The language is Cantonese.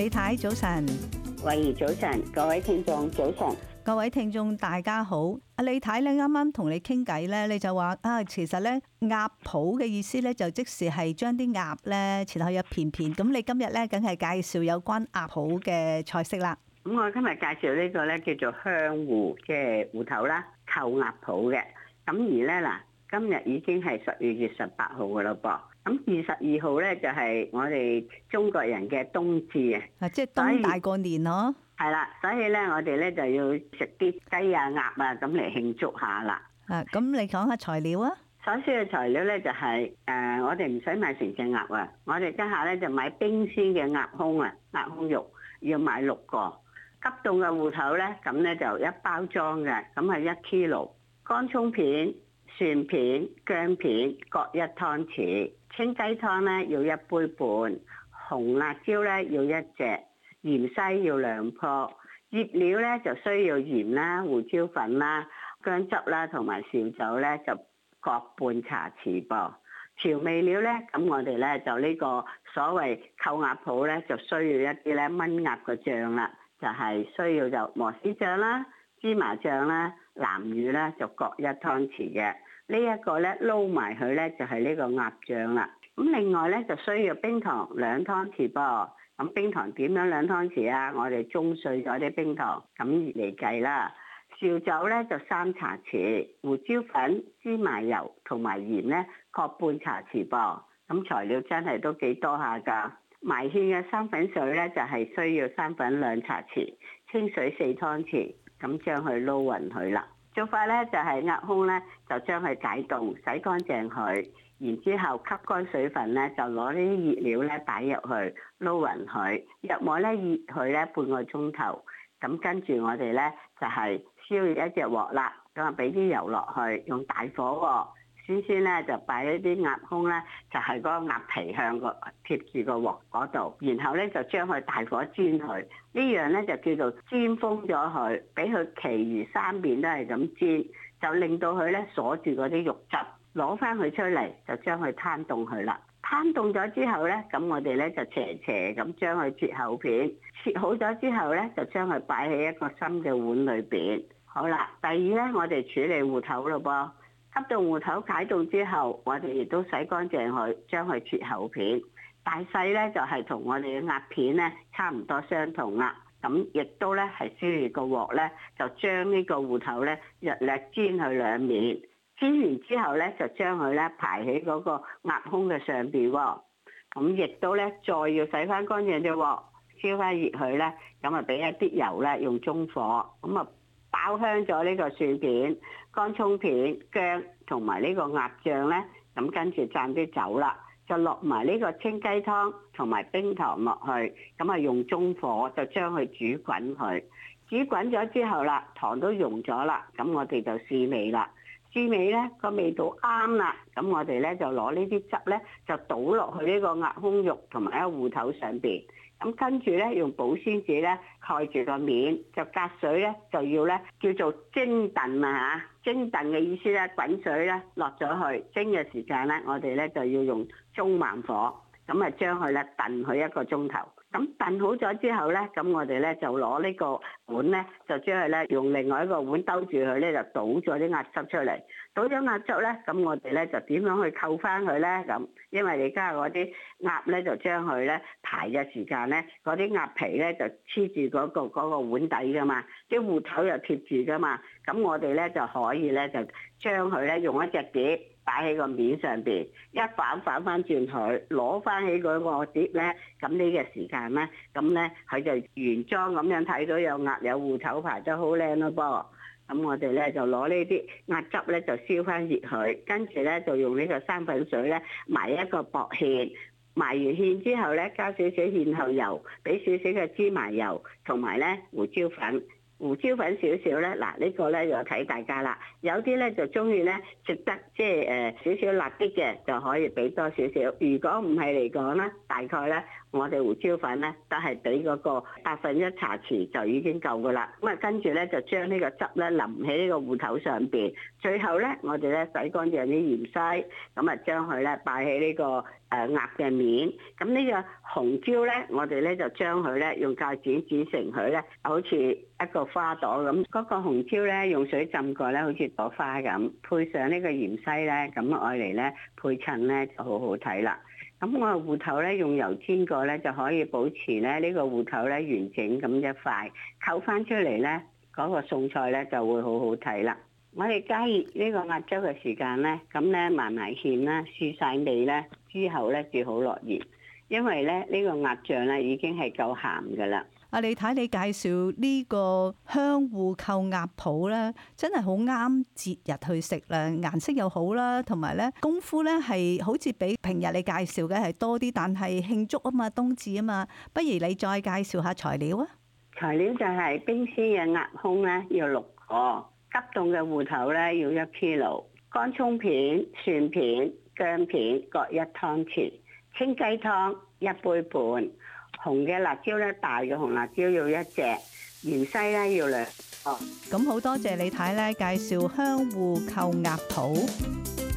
李太早晨，慧怡早晨，各位聽眾早晨，各位聽眾大家好。阿李太咧，啱啱同你傾偈咧，你就話啊，其實咧鴨脯嘅意思咧，就即時係將啲鴨咧切開一片片。咁你今日咧，梗係介紹有關鴨脯嘅菜式啦。咁我今日介紹呢個咧，叫做香芋即係芋頭啦，扣鴨脯嘅。咁而咧嗱，今日已經係十二月十八號噶咯噃。咁二十二號咧就係我哋中國人嘅冬至啊！啊，即係冬大過年咯。係啦，所以咧我哋咧就要食啲雞啊、鴨啊咁嚟慶祝下啦。啊，咁你講下材料啊？所需嘅材料咧就係、是、誒、呃，我哋唔使買成隻鴨啊，我哋即下咧就買冰鮮嘅鴨胸啊，鴨胸肉要買六個，急凍嘅芋頭咧，咁咧就一包裝嘅，咁係一 kilogram。乾葱片。蒜片、薑片各一湯匙，清雞湯咧要一杯半，紅辣椒咧要一隻，芫茜要兩棵。醃料咧就需要鹽啦、胡椒粉啦、薑汁啦同埋燒酒咧就各半茶匙噃。調味料咧咁我哋咧就呢個所謂扣鴨脯咧就需要一啲咧炆鴨嘅醬啦，就係、是、需要就磨豉醬啦、芝麻醬啦、南乳啦就各一湯匙嘅。呢一個咧撈埋佢咧就係呢個鴨醬啦。咁另外咧就需要冰糖兩湯匙噃。咁冰糖點樣兩湯匙啊？我哋舂碎咗啲冰糖。咁而嚟計啦，紹酒咧就三茶匙，胡椒粉、芝麻油同埋鹽咧各半茶匙噃。咁材料真係都幾多下㗎。埋芡嘅生粉水咧就係需要生粉兩茶匙，清水四湯匙。咁將佢撈勻佢啦。做法咧就係壓胸，咧，就將、是、佢解凍、洗乾淨佢，然之後吸乾水分咧，就攞呢啲熱料咧擺入去撈匀佢，入鍋咧熱佢咧半個鐘頭，咁跟住我哋咧就係燒熱一隻鑊啦，咁啊俾啲油落去，用大火鑊。先先咧就擺一啲鴨胸咧，就係個鴨皮向個貼住個鑊嗰度，然後咧就將佢大火煎佢，呢樣咧就叫做煎封咗佢，俾佢其餘三面都係咁煎，就令到佢咧鎖住嗰啲肉汁，攞翻佢出嚟就將佢攤凍佢啦。攤凍咗之後咧，咁我哋咧就斜斜咁將佢切厚片，切好咗之後咧就將佢擺喺一個深嘅碗裏邊。好啦，第二咧我哋處理芋頭咯噃。急凍芋頭解凍之後，我哋亦都洗乾淨佢，將佢切厚片。大細咧就係同我哋嘅鴨片咧差唔多相同啊。咁亦都咧係燒熱個鑊咧，就將呢個芋頭咧日日煎佢兩面。煎完之後咧，就將佢咧排喺嗰個鴨胸嘅上邊喎。咁亦都咧再要洗翻乾淨嘅鑊，燒翻熱佢咧，咁啊俾一啲油咧，用中火咁啊。爆香咗呢個蒜片、乾葱片、薑同埋呢個鴨醬咧，咁跟住攢啲酒啦，就落埋呢個清雞湯同埋冰糖落去，咁啊用中火就將佢煮滾佢，煮滾咗之後啦，糖都溶咗啦，咁我哋就試味啦。滋味咧個味道啱啦，咁我哋咧就攞呢啲汁咧就倒落去呢個鴨胸肉同埋咧芋頭上邊，咁跟住咧用保鮮紙咧蓋住個面，就隔水咧就要咧叫做蒸燉啊嚇，蒸燉嘅意思咧滾水咧落咗去，蒸嘅時間咧我哋咧就要用中慢火，咁啊將佢咧燉佢一個鐘頭。咁燉好咗之後咧，咁我哋咧就攞呢個碗咧，就將佢咧用另外一個碗兜住佢咧，就倒咗啲鴨汁出嚟。嗰種鴨汁咧，咁我哋咧就點樣去扣翻佢咧？咁，因為你家下嗰啲鴨咧，就將佢咧排嘅時間咧，嗰啲鴨皮咧就黐住嗰個碗底噶嘛，啲芋頭又貼住噶嘛，咁我哋咧就可以咧就將佢咧用一隻碟擺喺個面上邊，一反反翻轉佢，攞翻起嗰個碟咧，咁呢個時間咧，咁咧佢就原裝咁樣睇到有鴨有芋頭排得好靚咯噃。咁我哋咧就攞呢啲鴨汁咧就燒翻熱佢，跟住咧就用呢個生粉水咧埋一個薄芡，埋完芡之後咧加少少芡後油，俾少少嘅芝麻油，同埋咧胡椒粉。胡椒粉少少咧，嗱、這個、呢個咧就睇大家啦。有啲咧就中意咧食得即係誒少少辣啲嘅，就可以俾多少少。如果唔係嚟講咧，大概咧我哋胡椒粉咧都係俾嗰個百分一茶匙就已經夠噶啦。咁啊跟住咧就將呢個汁咧淋喺呢個芋頭上邊。最後咧我哋咧洗乾淨啲芫荽，咁啊將佢咧擺喺呢個誒鴨嘅面。咁呢個紅椒咧，我哋咧就將佢咧用鉸剪剪煮成佢咧，好似～一個花朵咁，嗰、那個紅椒咧用水浸過咧，好似朵花咁，配上呢個芫茜咧，咁愛嚟咧配襯咧就好好睇啦。咁我個芋頭咧用油煎過咧就可以保持咧呢個芋頭咧完整咁一塊，扣翻出嚟咧嗰個餸菜咧就會好好睇啦。我哋加熱呢個鴨漿嘅時間咧，咁咧慢慢芡啦，試晒味咧之後咧至好落鹽，因為咧呢、這個鴨醬咧已經係夠鹹噶啦。阿你睇你介紹呢個香芋扣鴨脯咧，真係好啱節日去食啦，顏色又好啦，同埋咧功夫咧係好似比平日你介紹嘅係多啲，但係慶祝啊嘛，冬至啊嘛，不如你再介紹下材料啊！材料就係冰鮮嘅鴨胸咧要六個，急凍嘅芋頭咧要一 kilo，乾葱片、蒜片、薑片各一湯匙，清雞湯一杯半。紅嘅辣椒咧，大嘅紅辣椒要一隻，芫茜咧要兩。哦，咁好多謝李太咧介紹香芋扣鴨脯。